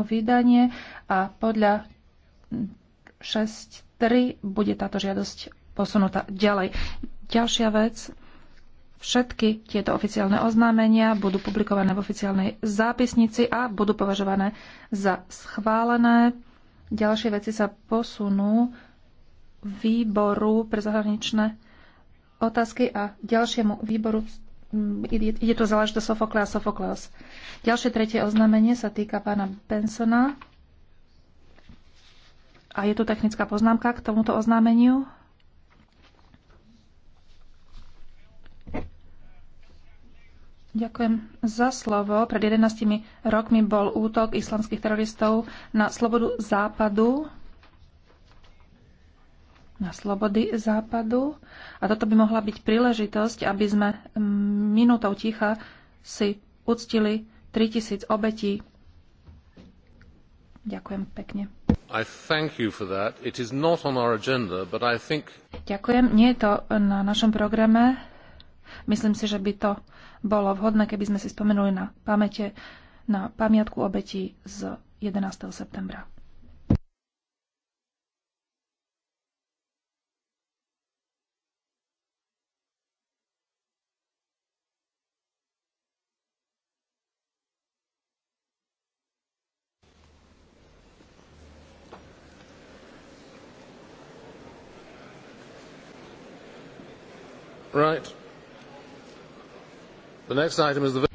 vydanie a podľa 6.3 bude táto žiadosť posunutá ďalej. Ďalšia vec, všetky tieto oficiálne oznámenia budú publikované v oficiálnej zápisnici a budú považované za schválené. Ďalšie veci sa posunú výboru pre zahraničné otázky a ďalšiemu výboru ide, ide tu záležitosť Sofokle a Sofokleos. Ďalšie tretie oznámenie sa týka pána Bensona. A je tu technická poznámka k tomuto oznámeniu. Ďakujem za slovo. Pred 11 rokmi bol útok islamských teroristov na slobodu západu. Na slobody západu. A toto by mohla byť príležitosť, aby sme mm, minútou ticha si uctili 3000 obetí. Ďakujem pekne. Think... Ďakujem. Nie je to na našom programe. Myslím si, že by to bolo vhodné, keby sme si spomenuli na pamäte na pamiatku obetí z 11. septembra. Right. The next item is the